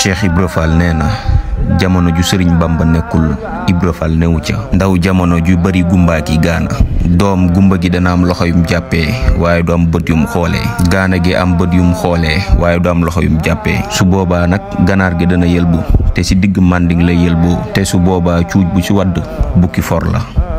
Cheikh Ibra Fall na jamono ju sëriñ Bamba nekkul Ibra Fall newu ca ndaw jamono ju bari gumba ki gaana doom gumba gi dana am loxo yum jàppee waaye du am bët yum xoolee gaana gi am bët yum xoolee waaye du am loxo yum jàppee su boobaa nag ganaar gi dana yëlbu te si digg mànding la yëlboo te su boobaa cuuj bu ci wadd bukki for la